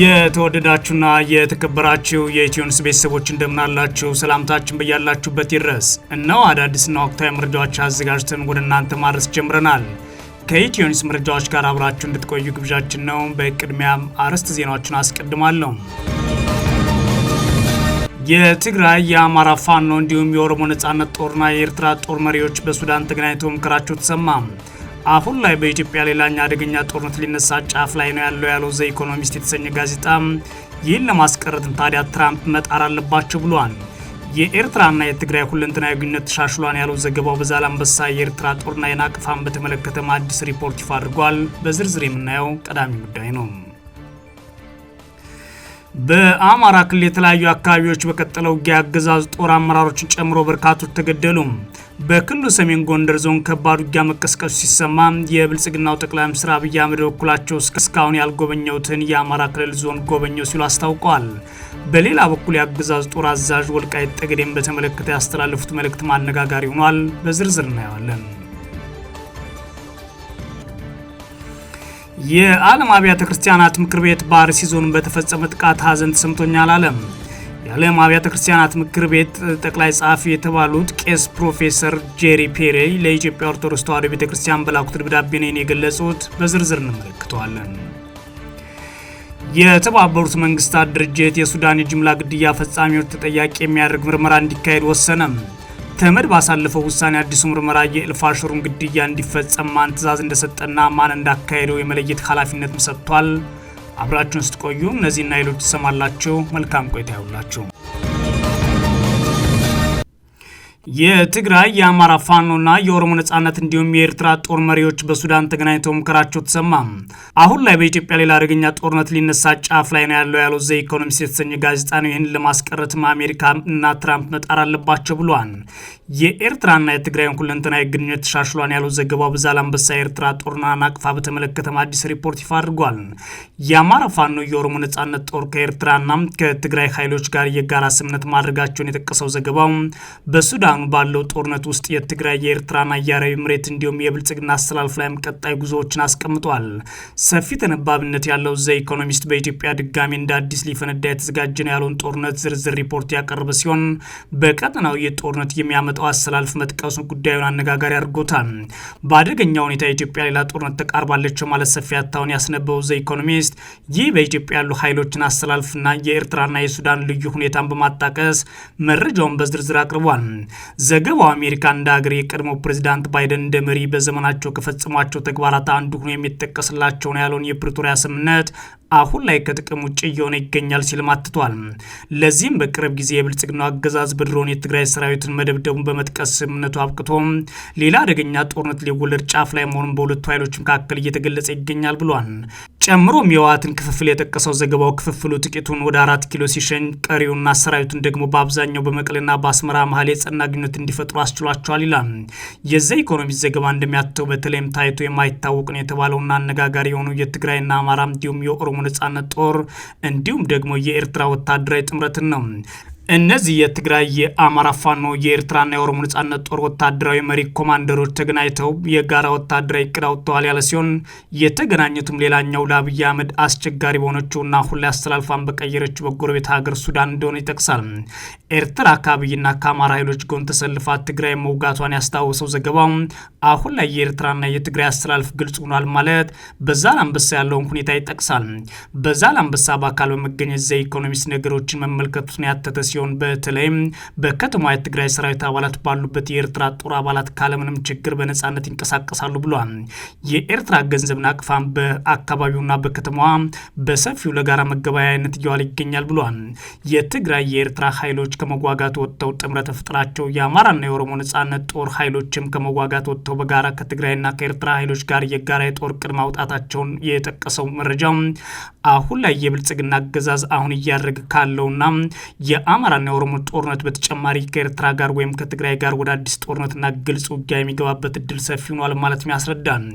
የተወደዳችሁና የተከበራችሁ የኢትዮንስ ቤተሰቦች እንደምናላችሁ ሰላምታችን በያላችሁበት ይድረስ። እነው አዳዲስና ወቅታዊ መረጃዎች አዘጋጅተን ወደ እናንተ ማድረስ ጀምረናል። ከኢትዮንስ መረጃዎች ጋር አብራችሁ እንድትቆዩ ግብዣችን ነው። በቅድሚያም አርዕስተ ዜናዎችን አስቀድማለሁ። የትግራይ የአማራ ፋኖ እንዲሁም የኦሮሞ ነጻነት ጦርና የኤርትራ ጦር መሪዎች በሱዳን ተገናኝተው ምክራቸው ተሰማም። አሁን ላይ በኢትዮጵያ ሌላኛ አደገኛ ጦርነት ሊነሳ ጫፍ ላይ ነው ያለው ያለው ዘ ኢኮኖሚስት የተሰኘ ጋዜጣ ይህን ለማስቀረትን ታዲያ ትራምፕ መጣር አለባቸው ብሏል። የኤርትራና የትግራይ ሁለንተናዊ ግንኙነት ተሻሽሏን ያለው ዘገባው በዛላምበሳ የኤርትራ ጦርና የናቅፋን በተመለከተም አዲስ ሪፖርት ይፋ አድርጓል። በዝርዝር የምናየው ቀዳሚ ጉዳይ ነው። በአማራ ክልል የተለያዩ አካባቢዎች በቀጠለው ውጊያ አገዛዝ ጦር አመራሮችን ጨምሮ በርካቶች ተገደሉ። በክልሉ ሰሜን ጎንደር ዞን ከባድ ውጊያ መቀስቀሱ ሲሰማ የብልጽግናው ጠቅላይ ሚኒስትር አብይ አህመድ በኩላቸው እስካሁን ያልጎበኘውትን የአማራ ክልል ዞን ጎበኘው ሲሉ አስታውቀዋል። በሌላ በኩል የአገዛዝ ጦር አዛዥ ወልቃይት ጠገዴን በተመለከተ ያስተላለፉት መልእክት ማነጋጋሪ ሆኗል። በዝርዝር እናየዋለን። የዓለም አብያተ ክርስቲያናት ምክር ቤት በአርሲ ዞን በተፈጸመ ጥቃት ሀዘን ተሰምቶኛል አለም። የዓለም አብያተ ክርስቲያናት ምክር ቤት ጠቅላይ ጸሐፊ የተባሉት ቄስ ፕሮፌሰር ጄሪ ፔሬ ለኢትዮጵያ ኦርቶዶክስ ተዋሕዶ ቤተ ክርስቲያን በላኩት ደብዳቤ የገለጹት በዝርዝር እንመለከተዋለን። የተባበሩት መንግስታት ድርጅት የሱዳን የጅምላ ግድያ ፈጻሚዎች ተጠያቂ የሚያደርግ ምርመራ እንዲካሄድ ወሰነም። ተመድ ባሳለፈው ውሳኔ አዲሱ ምርመራ የኤልፋሽሩን ግድያ እንዲፈጸም ማን ትእዛዝ እንደሰጠና ማን እንዳካሄደው የመለየት ኃላፊነትም ሰጥቷል። አብራችሁን ስትቆዩ እነዚህና ሌሎች ትሰማላችሁ። መልካም ቆይታ ይሁንላችሁ። የትግራይ የአማራ ፋኖና የኦሮሞ ነጻነት እንዲሁም የኤርትራ ጦር መሪዎች በሱዳን ተገናኝተው ምክራቸው ተሰማ። አሁን ላይ በኢትዮጵያ ሌላ አደገኛ ጦርነት ሊነሳ ጫፍ ላይ ነው ያለው ያለው ዘ ኢኮኖሚስት የተሰኘ ጋዜጣ ነው። ይህን ለማስቀረትም አሜሪካ እና ትራምፕ መጣር አለባቸው ብሏል። የኤርትራና የትግራይን ሁለንተናዊ ግንኙነት ተሻሽሏን ያለው ዘገባው በዛላምበሳ የኤርትራ ጦርና ናቅፋ በተመለከተም አዲስ ሪፖርት ይፋ አድርጓል። የአማራ ፋኖ የኦሮሞ ነጻነት ጦር ከኤርትራና ከትግራይ ኃይሎች ጋር የጋራ ስምነት ማድረጋቸውን የጠቀሰው ዘገባው በሱዳን በሱዳኑ ባለው ጦርነት ውስጥ የትግራይ የኤርትራና አያራዊ መሬት እንዲሁም የብልጽግና አስተላልፍ ላይም ቀጣይ ጉዞዎችን አስቀምጧል። ሰፊ ተነባቢነት ያለው ዘ ኢኮኖሚስት በኢትዮጵያ ድጋሚ እንደ አዲስ ሊፈነዳ የተዘጋጀ ነው ያለውን ጦርነት ዝርዝር ሪፖርት ያቀረበ ሲሆን በቀጠናው የጦርነት የሚያመጣው አስተላልፍ መጥቀሱ ጉዳዩን አነጋጋሪ አድርጎታል። በአደገኛ ሁኔታ ኢትዮጵያ ሌላ ጦርነት ተቃርባለች ማለት ሰፊ ያታውን ያስነበው ዘ ኢኮኖሚስት ይህ በኢትዮጵያ ያሉ ኃይሎችን አስተላልፍና የኤርትራና የሱዳን ልዩ ሁኔታን በማጣቀስ መረጃውን በዝርዝር አቅርቧል። ዘገባው አሜሪካ እንደ ሀገር የቀድሞ ፕሬዚዳንት ባይደን እንደ መሪ በዘመናቸው ከፈጸሟቸው ተግባራት አንዱ ሆኖ የሚጠቀስላቸው ነው ያለውን የፕሪቶሪያ ስምምነት አሁን ላይ ከጥቅም ውጭ እየሆነ ይገኛል ሲል ማትቷል። ለዚህም በቅርብ ጊዜ የብልጽግናው አገዛዝ በድሮን የትግራይ ሰራዊትን መደብደቡን በመጥቀስ ስምምነቱ አብቅቶም ሌላ አደገኛ ጦርነት ሊወለድ ጫፍ ላይ መሆኑን በሁለቱ ኃይሎች መካከል እየተገለጸ ይገኛል ብሏል። ጨምሮም የህወሓትን ክፍፍል የጠቀሰው ዘገባው ክፍፍሉ ጥቂቱን ወደ አራት ኪሎ ሲሸኝ፣ ቀሪውና ሰራዊቱን ደግሞ በአብዛኛው በመቀሌና በአስመራ መሀል የጸና አስፈላጊነት እንዲፈጥሩ አስችሏቸዋል ይላል። የዘ ኢኮኖሚ ዘገባ እንደሚያተው በተለይም ታይቶ የማይታወቅ ነው የተባለውና አነጋጋሪ የሆኑ የትግራይና አማራ እንዲሁም የኦሮሞ ነጻነት ጦር እንዲሁም ደግሞ የኤርትራ ወታደራዊ ጥምረትን ነው። እነዚህ የትግራይ የአማራ ፋኖ የኤርትራና የኦሮሞ ነጻነት ጦር ወታደራዊ መሪ ኮማንደሮች ተገናኝተው የጋራ ወታደራዊ እቅድ አውጥተዋል ያለ ሲሆን የተገናኙትም ሌላኛው ለአብይ አህመድ አስቸጋሪ በሆነችውና ሁሌ አስተላልፋን በቀየረችው በጎረቤት ሀገር ሱዳን እንደሆነ ይጠቅሳል። ኤርትራ ከአብይና ከአማራ ኃይሎች ጎን ተሰልፋ ትግራይ መውጋቷን ያስታወሰው ዘገባው አሁን ላይ የኤርትራና የትግራይ አስተላልፍ ግልጽ ሆኗል ማለት በዛላንበሳ ያለውን ሁኔታ ይጠቅሳል። በዛላንበሳ በአካል በመገኘት ዘ ኢኮኖሚስት ነገሮችን መመልከቱን ያተተ ሲሆን ሲሆን በተለይም በከተማ የትግራይ ሰራዊት አባላት ባሉበት የኤርትራ ጦር አባላት ካለምንም ችግር በነጻነት ይንቀሳቀሳሉ ብሏል። የኤርትራ ገንዘብ አቅፋም በአካባቢውና በከተማዋ በሰፊው ለጋራ መገበያያነት እየዋለ ይገኛል ብሏል። የትግራይ የኤርትራ ኃይሎች ከመዋጋት ወጥተው ጥምረት ፍጥራቸው የአማራና የኦሮሞ ነጻነት ጦር ኃይሎችም ከመዋጋት ወጥተው በጋራ ከትግራይና ከኤርትራ ኃይሎች ጋር የጋራ የጦር ቅድ ማውጣታቸውን የጠቀሰው መረጃው አሁን ላይ የብልጽግና አገዛዝ አሁን እያደረገ ካለውና የአማራና የኦሮሞ ጦርነት በተጨማሪ ከኤርትራ ጋር ወይም ከትግራይ ጋር ወደ አዲስ ጦርነትና ግልጽ ውጊያ የሚገባበት እድል ሰፊ ሆኗል ማለትም ያስረዳል።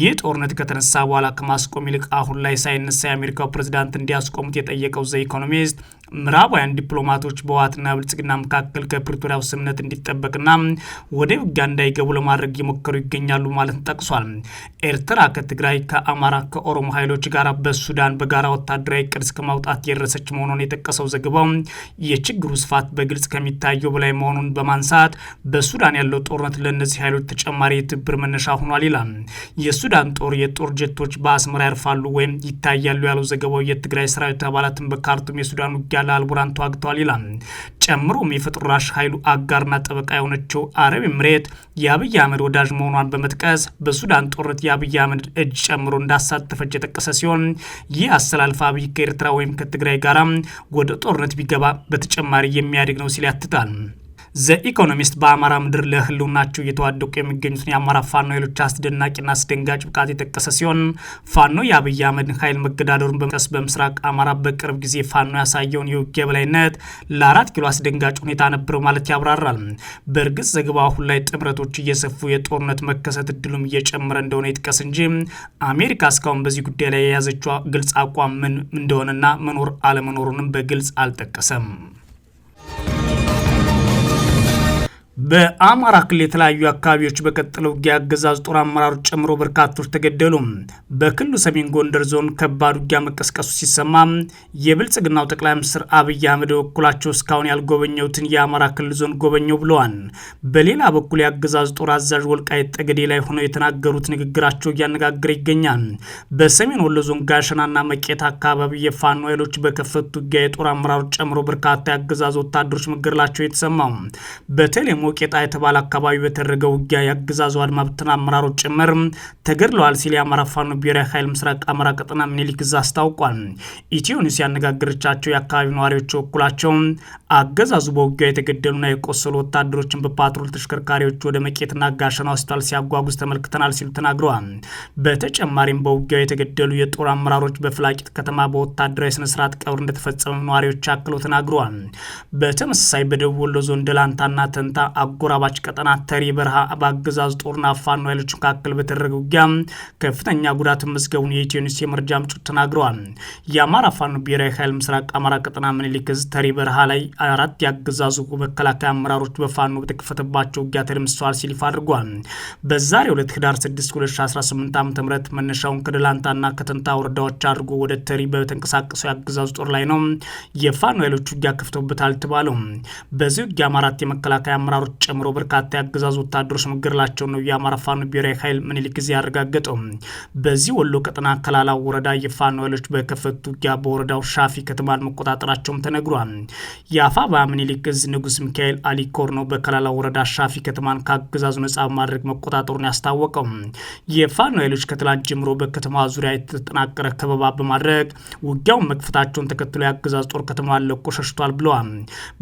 ይህ ጦርነት ከተነሳ በኋላ ከማስቆም ይልቅ አሁን ላይ ሳይነሳ የአሜሪካው ፕሬዚዳንት እንዲያስቆሙት የጠየቀው ዘ ኢኮኖሚስት ምዕራባውያን ዲፕሎማቶች በህወሓትና ብልጽግና መካከል ከፕሪቶሪያው ስምምነት እንዲጠበቅና ወደ ውጊያ እንዳይገቡ ለማድረግ እየሞከሩ ይገኛሉ ማለት ጠቅሷል። ኤርትራ ከትግራይ ከአማራ ከኦሮሞ ኃይሎች ጋር በሱዳን በጋራ ወታደራዊ እቅድ እስከ ማውጣት የደረሰች መሆኑን የጠቀሰው ዘገባው የችግሩ ስፋት በግልጽ ከሚታየው በላይ መሆኑን በማንሳት በሱዳን ያለው ጦርነት ለእነዚህ ኃይሎች ተጨማሪ የትብብር መነሻ ሆኗል ይላል። የሱዳን ጦር የጦር ጀቶች በአስመራ ያርፋሉ ወይም ይታያሉ ያለው ዘገባው የትግራይ ሰራዊት አባላትን በካርቱም የሱዳን ውጊያ ለአልቡራን ተዋግተዋል ይላል። ጨምሮም የፈጥራሽ ኃይሉ አጋርና ጠበቃ የሆነችው አረብ ኤምሬት የአብይ አህመድ ወዳጅ መሆኗን በመጥቀስ በሱዳን ጦርነት የአብይ አህመድ እጅ ጨምሮ እንዳሳተፈች የጠቀሰ ሲሆን ይህ አሰላልፋ አብይ ከኤርትራ ወይም ከትግራይ ጋራ ወደ ጦርነት ቢገባ በተጨማሪ የሚያድግ ነው ሲል ያትታል። ዘኢኮኖሚስት በአማራ ምድር ለህልውናቸው እየተዋደቁ የሚገኙትን የአማራ ፋኖ ኃይሎች አስደናቂና አስደንጋጭ ብቃት የጠቀሰ ሲሆን ፋኖ የአብይ አህመድን ኃይል መገዳደሩን በመቀስ በምስራቅ አማራ በቅርብ ጊዜ ፋኖ ያሳየውን የውጊያ በላይነት ለአራት ኪሎ አስደንጋጭ ሁኔታ ነበረው ማለት ያብራራል። በእርግጥ ዘገባው አሁን ላይ ጥምረቶች እየሰፉ የጦርነት መከሰት እድሉም እየጨመረ እንደሆነ ይጥቀስ እንጂ አሜሪካ እስካሁን በዚህ ጉዳይ ላይ የያዘችው ግልጽ አቋም ምን እንደሆነና መኖር አለመኖሩንም በግልጽ አልጠቀሰም። በአማራ ክልል የተለያዩ አካባቢዎች በቀጠለው ውጊያ አገዛዝ ጦር አመራሮች ጨምሮ በርካቶች ተገደሉ። በክልሉ ሰሜን ጎንደር ዞን ከባድ ውጊያ መቀስቀሱ ሲሰማ የብልጽግናው ጠቅላይ ሚኒስትር አብይ አህመድ በበኩላቸው እስካሁን ያልጎበኘውትን የአማራ ክልል ዞን ጎበኘው ብለዋል። በሌላ በኩል የአገዛዝ ጦር አዛዥ ወልቃይት ጠገዴ ላይ ሆነው የተናገሩት ንግግራቸው እያነጋገረ ይገኛል። በሰሜን ወሎ ዞን ጋሸናና መቄት አካባቢ የፋኖ ኃይሎች በከፈቱት ውጊያ የጦር አመራሮች ጨምሮ በርካታ የአገዛዝ ወታደሮች መገደላቸው የተሰማው በተለይ ሞቄጣ የተባለ አካባቢ በተደረገ ውጊያ የአገዛዙ አድማ ብተና አመራሮች ጭምር ተገድለዋል ሲል የአማራ ፋኖ ብሔራዊ ኃይል ምስራቅ አማራ ቀጠና ምኒልክ ዕዝ አስታውቋል። ኢትዮ ኒውስ ያነጋገረቻቸው ነዋሪዎች በኩላቸው አገዛዙ በውጊያ የተገደሉና የቆሰሉ ወታደሮችን በፓትሮል ተሽከርካሪዎች ወደ መቄትና ጋሸና ሆስፒታል ሲያጓጉዝ ተመልክተናል ሲሉ ተናግረዋል። በተጨማሪም በውጊያው የተገደሉ የጦር አመራሮች በፍላቂት ከተማ በወታደራዊ ስነስርዓት ቀብር እንደተፈጸመ ነዋሪዎች አክለው ተናግረዋል። በተመሳሳይ በደቡብ ወሎ ዞን ደላንታና ተንታ አጎራባች ቀጠና ተሪ በረሃ በአገዛዝ ጦርና ፋኖ ኃይሎች መካከል በተደረገ ውጊያ ከፍተኛ ጉዳት መዝገቡን የኢትዮ ኒውስ የመረጃ ምንጮች ተናግረዋል። የአማራ ፋኖ ብሔራዊ ኃይል ምስራቅ አማራ ቀጠና ምኒልክ ዕዝ ተሪ በረሃ ላይ አራት የአገዛዙ መከላከያ አመራሮች በፋኖ በተከፈተባቸው ውጊያ ተደምስሰዋል ሲል ይፋ አድርጓል። በዛሬ ሁለት ህዳር 6 2018 ዓ ም መነሻውን ከደላንታና ከተንታ ወረዳዎች አድርጎ ወደ ተሪ በተንቀሳቀሰው የአገዛዙ ጦር ላይ ነው የፋኖ ኃይሎች ውጊያ ከፍተውበታል ተባለው። በዚህ ውጊያ አማራት የመከላከያ አመራሮች አመራሮች ጨምሮ በርካታ የአገዛዙ ወታደሮች መገደላቸውን ነው የአማራ ፋኖ ብሔራዊ ኃይል ምኒልክ ጊዜ ያረጋገጠው። በዚህ ወሎ ቀጠና ከላላ ወረዳ የፋኖ ኃይሎች በከፈቱ ውጊያ በወረዳው ሻፊ ከተማን መቆጣጠራቸውም ተነግሯል። የአፋባ ምኒልክ ዝ ንጉስ ሚካኤል አሊኮር ነው በከላላ ወረዳ ሻፊ ከተማን ከአገዛዙ ነጻ በማድረግ መቆጣጠሩን ያስታወቀው። የፋኖ ኃይሎች ከትላንት ጀምሮ በከተማ ዙሪያ የተጠናቀረ ከበባ በማድረግ ውጊያውን መክፈታቸውን ተከትሎ የአገዛዝ ጦር ከተማን ለቆ ሸሽቷል ብለዋል።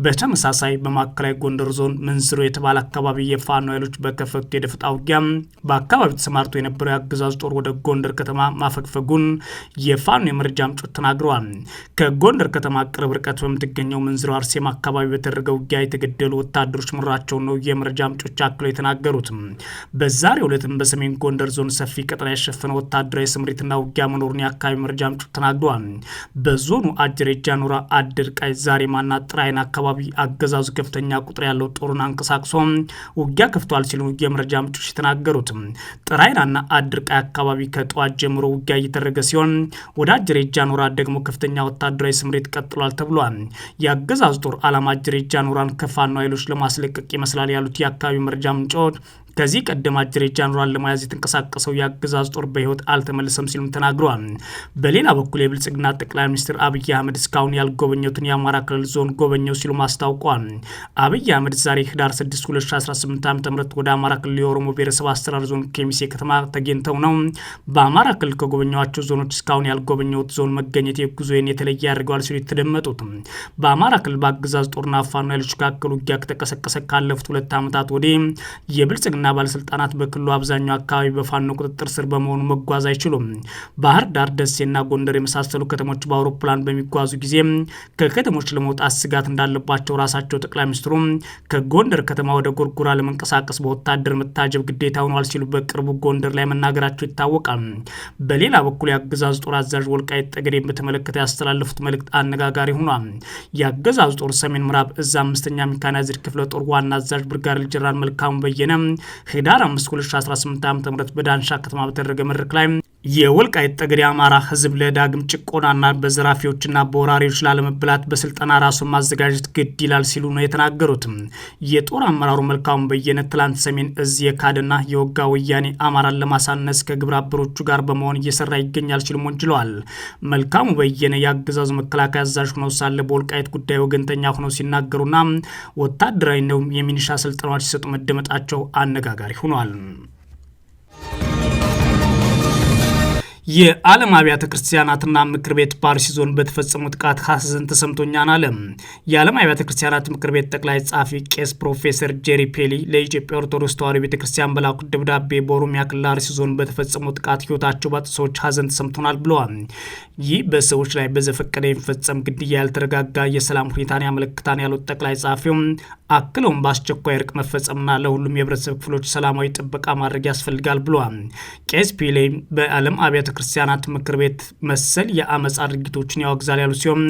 በተመሳሳይ በማዕከላዊ ጎንደር ዞን ምንዝ ስሩ የተባለ አካባቢ የፋኖ ኃይሎች በከፈቱት የደፈጣ ውጊያ በአካባቢው ተሰማርቶ የነበረው የአገዛዙ ጦር ወደ ጎንደር ከተማ ማፈግፈጉን የፋኖ የመረጃ ምንጮች ተናግረዋል። ከጎንደር ከተማ ቅርብ ርቀት በምትገኘው ምንዝሮ አርሴም አካባቢ በተደረገ ውጊያ የተገደሉ ወታደሮች ምራቸውን ነው የመረጃ ምንጮች አክለው የተናገሩት። በዛሬው ዕለትም በሰሜን ጎንደር ዞን ሰፊ ቀጠና ያሸፈነ ወታደራዊ ስምሪትና ውጊያ መኖሩን የአካባቢ መረጃ ምንጮች ተናግረዋል። በዞኑ አጀሬ ጃኖራ፣ አድርቃይ፣ ዛሬማና ጥራይን አካባቢ አገዛዙ ከፍተኛ ቁጥር ያለው ጦሩን አንቀ ተንቀሳቅሶ ውጊያ ከፍቷል ሲሉ የመረጃ ምንጮች የተናገሩት ጥራይራና አድርቃይ አካባቢ ከጠዋት ጀምሮ ውጊያ እየተደረገ ሲሆን ወደ አጀሬ ኖራ ደግሞ ከፍተኛ ወታደራዊ ስምሪት ቀጥሏል ተብሏል። የአገዛዙ ጦር አላማ አጀሬ ኖራን ከፋኖ ኃይሎች ለማስለቀቅ ይመስላል ያሉት የአካባቢ መረጃ ምንጮች ከዚህ ቀደም አጀሬ ጃንሆይን ለመያዝ የተንቀሳቀሰው የአገዛዝ ጦር በህይወት አልተመለሰም ሲሉም ተናግረዋል። በሌላ በኩል የብልጽግና ጠቅላይ ሚኒስትር አብይ አህመድ እስካሁን ያልጎበኘትን የአማራ ክልል ዞን ጎበኘው ሲሉም አስታውቋል። አብይ አህመድ ዛሬ ህዳር 6 2018 ዓ ም ወደ አማራ ክልል የኦሮሞ ብሔረሰብ አስተዳደር ዞን ኬሚሴ ከተማ ተገኝተው ነው። በአማራ ክልል ከጎበኘዋቸው ዞኖች እስካሁን ያልጎበኘት ዞን መገኘት ጉዞዬን የተለየ ያደርገዋል ሲሉ የተደመጡት በአማራ ክልል በአገዛዝ ጦርና ፋኖ ኃይሎች መካከል ውጊያ ከተቀሰቀሰ ካለፉት ሁለት ዓመታት ወዲህ የብልጽግና መንግስትና ባለስልጣናት በክልሉ አብዛኛው አካባቢ በፋኖ ቁጥጥር ስር በመሆኑ መጓዝ አይችሉም። ባህር ዳር፣ ደሴና ጎንደር የመሳሰሉ ከተሞች በአውሮፕላን በሚጓዙ ጊዜ ከከተሞች ለመውጣት ስጋት እንዳለባቸው ራሳቸው ጠቅላይ ሚኒስትሩ ከጎንደር ከተማ ወደ ጎርጎራ ለመንቀሳቀስ በወታደር መታጀብ ግዴታ ሆኗል ሲሉ በቅርቡ ጎንደር ላይ መናገራቸው ይታወቃል። በሌላ በኩል የአገዛዙ ጦር አዛዥ ወልቃይት ጠገዴን በተመለከተ ያስተላለፉት መልእክት አነጋጋሪ ሆኗል። የአገዛዙ ጦር ሰሜን ምዕራብ እዝ አምስተኛ ሜካናይዝድ ክፍለ ጦር ዋና አዛዥ ብርጋዴር ጄኔራል መልካሙ በየነ ህዳር 5 2018 ዓ ም በዳንሻ ከተማ በተደረገ መድረክ ላይ የወልቃይት ጠገዴ አማራ ህዝብ ለዳግም ጭቆናና በዘራፊዎችና በወራሪዎች ላለመብላት በስልጠና ራሱን ማዘጋጀት ግድ ይላል ሲሉ ነው የተናገሩትም። የጦር አመራሩ መልካሙ በየነ ትላንት ሰሜን እዝ የካድና የወጋ ወያኔ አማራን ለማሳነስ ከግብረ አበሮቹ ጋር በመሆን እየሰራ ይገኛል ሲሉ ወንጅለዋል። መልካሙ በየነ የአገዛዙ መከላከያ አዛዥ ሆነው ሳለ በወልቃይት ጉዳይ ወገንተኛ ሆነው ሲናገሩና ወታደራዊ እንደውም የሚኒሻ ስልጠናዎች ሲሰጡ መደመጣቸው አነጋጋሪ ሆኗል። የዓለም አብያተ ክርስቲያናትና ምክር ቤት ፓሪስ ዞን በተፈጸመው ጥቃት ሀዘን ተሰምቶኛል አለ። የዓለም አብያተ ክርስቲያናት ምክር ቤት ጠቅላይ ጸሐፊ ቄስ ፕሮፌሰር ጄሪ ፔሊ ለኢትዮጵያ ኦርቶዶክስ ተዋሕዶ ቤተ ክርስቲያን በላኩት ደብዳቤ በኦሮሚያ ክልል አርሲ ዞን በተፈጸመው ጥቃት ሕይወታቸው ባጡ ሰዎች ሀዘን ተሰምቶናል ብለዋል። ይህ በሰዎች ላይ በዘፈቀደ የሚፈጸም ግድያ ያልተረጋጋ የሰላም ሁኔታን ያመለክታን ያሉት ጠቅላይ ጸሐፊው አክለውም በአስቸኳይ እርቅ መፈጸምና ለሁሉም የህብረተሰብ ክፍሎች ሰላማዊ ጥበቃ ማድረግ ያስፈልጋል ብሏል። ቄስ ፒሌ በዓለም አብያተ ክርስቲያናት ምክር ቤት መሰል የአመፃ ድርጊቶችን ያወግዛል ያሉ ሲሆን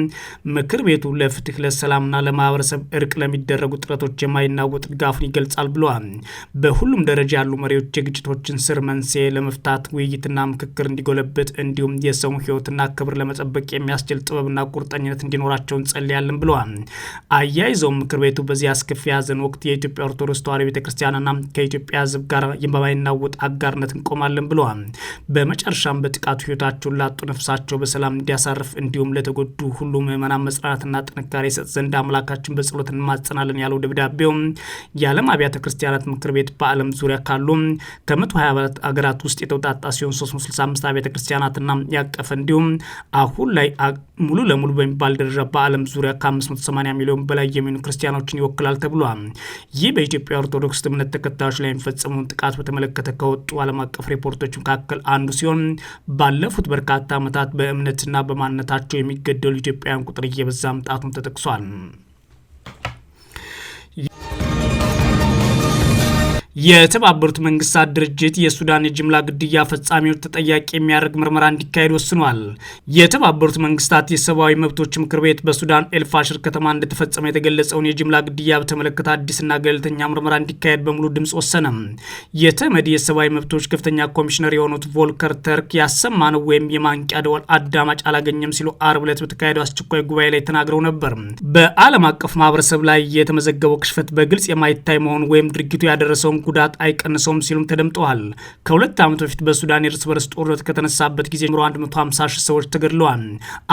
ምክር ቤቱ ለፍትህ ለሰላምና ለማህበረሰብ እርቅ ለሚደረጉ ጥረቶች የማይናወጥ ድጋፉን ይገልጻል ብለዋል። በሁሉም ደረጃ ያሉ መሪዎች የግጭቶችን ስር መንስኤ ለመፍታት ውይይትና ምክክር እንዲጎለበት እንዲሁም የሰውን ህይወትና ክብር ለመጠበቅ የሚያስችል ጥበብና ቁርጠኝነት እንዲኖራቸው እንጸልያለን ብለዋል። አያይዘውም ምክር ቤቱ በዚህ አስከፊ ሐዘን ወቅት የኢትዮጵያ ኦርቶዶክስ ተዋሕዶ ቤተክርስቲያንና ከኢትዮጵያ ሕዝብ ጋር የማይናወጥ አጋርነት እንቆማለን ብለዋል። በመጨረሻም በጥቃቱ ህይወታቸውን ላጡ ነፍሳቸው በሰላም እንዲያሳርፍ እንዲሁም ለተጎዱ ሁሉ ምዕመናን መጽናናትና ጥንካሬ ይሰጥ ዘንድ አምላካችን በጸሎት እንማጸናለን ያለው ደብዳቤው የዓለም አብያተ ክርስቲያናት ምክር ቤት በዓለም ዙሪያ ካሉ ከ124 አገራት ውስጥ የተውጣጣ ሲሆን 365 አብያተ ክርስቲያናትና ያቀፈ እንዲሁም አሁን ላይ ሙሉ ለሙሉ በሚባል ደረጃ በዓለም ዙሪያ ከ580 ሚሊዮን በላይ የሚሆኑ ክርስቲያኖችን ይወክላል ይገባል ተብሏል። ይህ በኢትዮጵያ ኦርቶዶክስ እምነት ተከታዮች ላይ የሚፈጸመውን ጥቃት በተመለከተ ከወጡ ዓለም አቀፍ ሪፖርቶች መካከል አንዱ ሲሆን ባለፉት በርካታ ዓመታት በእምነትና በማንነታቸው የሚገደሉ ኢትዮጵያውያን ቁጥር እየበዛ መምጣቱም ተጠቅሷል። የተባበሩት መንግስታት ድርጅት የሱዳን የጅምላ ግድያ ፈጻሚዎች ተጠያቂ የሚያደርግ ምርመራ እንዲካሄድ ወስኗል። የተባበሩት መንግስታት የሰብአዊ መብቶች ምክር ቤት በሱዳን ኤልፋሽር ከተማ እንደተፈጸመ የተገለጸውን የጅምላ ግድያ በተመለከተ አዲስና ገለልተኛ ምርመራ እንዲካሄድ በሙሉ ድምፅ ወሰነም። የተመድ የሰብአዊ መብቶች ከፍተኛ ኮሚሽነር የሆኑት ቮልከር ተርክ ያሰማነው ወይም የማንቂያ ደወል አዳማጭ አላገኘም ሲሉ አርብ ዕለት በተካሄደው አስቸኳይ ጉባኤ ላይ ተናግረው ነበር። በዓለም አቀፍ ማህበረሰብ ላይ የተመዘገበው ክሽፈት በግልጽ የማይታይ መሆኑ ወይም ድርጊቱ ያደረሰውን ጉዳት አይቀንሰውም ሲሉም ተደምጠዋል። ከሁለት ዓመት በፊት በሱዳን የእርስ በርስ ጦርነት ከተነሳበት ጊዜ ጀምሮ 150 ሺህ ሰዎች ተገድለዋል።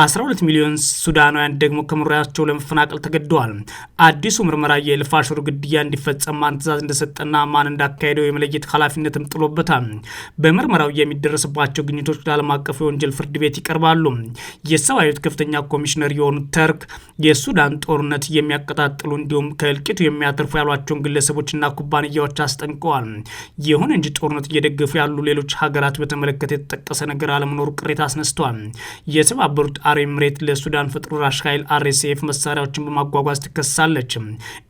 12 ሚሊዮን ሱዳናውያን ደግሞ ከመኖሪያቸው ለመፈናቀል ተገደዋል። አዲሱ ምርመራ የኤልፋ ግድያ እንዲፈጸም ማን ትዛዝ እንደሰጠና ማን እንዳካሄደው የመለየት ኃላፊነትም ጥሎበታል። በምርመራው የሚደረስባቸው ግኝቶች ለዓለም አቀፉ የወንጀል ፍርድ ቤት ይቀርባሉ። የሰብአዊ መብት ከፍተኛ ኮሚሽነር የሆኑት ተርክ የሱዳን ጦርነት የሚያቀጣጥሉ እንዲሁም ከእልቂቱ የሚያተርፉ ያሏቸውን ግለሰቦችና ኩባንያዎች አስጠ አስጠንቀዋል። ይሁን እንጂ ጦርነት እየደገፉ ያሉ ሌሎች ሀገራት በተመለከተ የተጠቀሰ ነገር አለመኖሩ ቅሬታ አስነስተዋል። የተባበሩት አረብ ኤምሬት ለሱዳን ፈጥኖ ደራሽ ኃይል አርኤስኤፍ መሳሪያዎችን በማጓጓዝ ትከሳለች።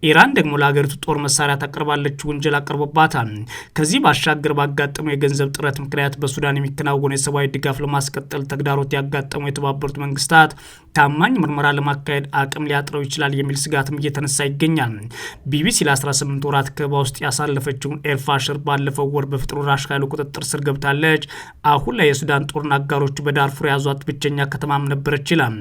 ኢራን ደግሞ ለሀገሪቱ ጦር መሳሪያ ታቀርባለች ውንጀል አቅርቦባታል። ከዚህ ባሻገር ባጋጠመው የገንዘብ ጥረት ምክንያት በሱዳን የሚከናወነ የሰብአዊ ድጋፍ ለማስቀጠል ተግዳሮት ያጋጠሙ የተባበሩት መንግስታት ታማኝ ምርመራ ለማካሄድ አቅም ሊያጥረው ይችላል የሚል ስጋትም እየተነሳ ይገኛል። ቢቢሲ ለ18 ወራት ከበባ ውስጥ ያሳለፈ ያደረገችው ኤልፋሽር ባለፈው ወር በፈጥኖ ደራሽ ኃይሉ ቁጥጥር ስር ገብታለች። አሁን ላይ የሱዳን ጦርና አጋሮች በዳርፉር የያዟት ብቸኛ ከተማም ነበረች ይላል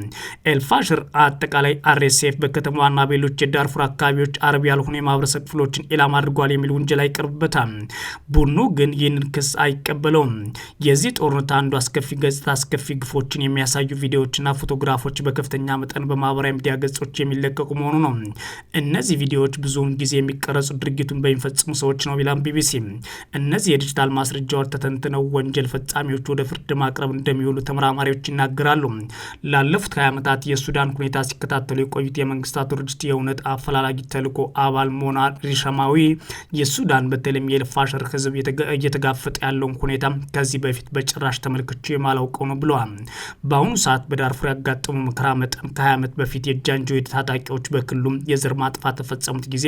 ኤልፋሽር። አጠቃላይ አርኤስኤፍ በከተማዋና በሌሎች የዳርፉር አካባቢዎች አረብ ያልሆኑ የማህበረሰብ ክፍሎችን ኢላማ አድርጓል የሚል ውንጀላ ይቀርብበታል። ቡድኑ ግን ይህንን ክስ አይቀበለውም። የዚህ ጦርነት አንዱ አስከፊ ገጽታ አስከፊ ግፎችን የሚያሳዩ ቪዲዮዎችና ፎቶግራፎች በከፍተኛ መጠን በማህበራዊ ሚዲያ ገጾች የሚለቀቁ መሆኑ ነው። እነዚህ ቪዲዮዎች ብዙውን ጊዜ የሚቀረጹ ድርጊቱን በሚፈጽሙ ሰዎች እየሰራች ነው ቢላም ቢቢሲ። እነዚህ የዲጂታል ማስረጃዎች ተተንትነው ወንጀል ፈጻሚዎች ወደ ፍርድ ማቅረብ እንደሚውሉ ተመራማሪዎች ይናገራሉ። ላለፉት ሀያ ዓመታት የሱዳን ሁኔታ ሲከታተሉ የቆዩት የመንግስታቱ ድርጅት የእውነት አፈላላጊ ተልዕኮ አባል ሞና ሪሸማዊ የሱዳን በተለይም የልፋሸር ህዝብ እየተጋፈጠ ያለውን ሁኔታ ከዚህ በፊት በጭራሽ ተመልክቼ የማላውቀው ነው ብለዋል። በአሁኑ ሰዓት በዳርፉር ያጋጠሙ መከራ መጠን ከ20 ዓመት በፊት የጃንጆ ታጣቂዎች በክልሉ የዘር ማጥፋት ተፈጸሙት ጊዜ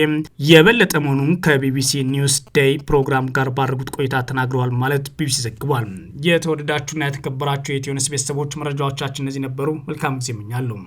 የበለጠ መሆኑን ከቢቢሲ ኒውስ ኒውስ ዴይ ፕሮግራም ጋር ባደረጉት ቆይታ ተናግረዋል ማለት ቢቢሲ ዘግቧል። የተወደዳችሁና የተከበራችሁ የኢትዮኒውስ ቤተሰቦች መረጃዎቻችን እነዚህ ነበሩ። መልካም ጊዜ እመኛለሁ።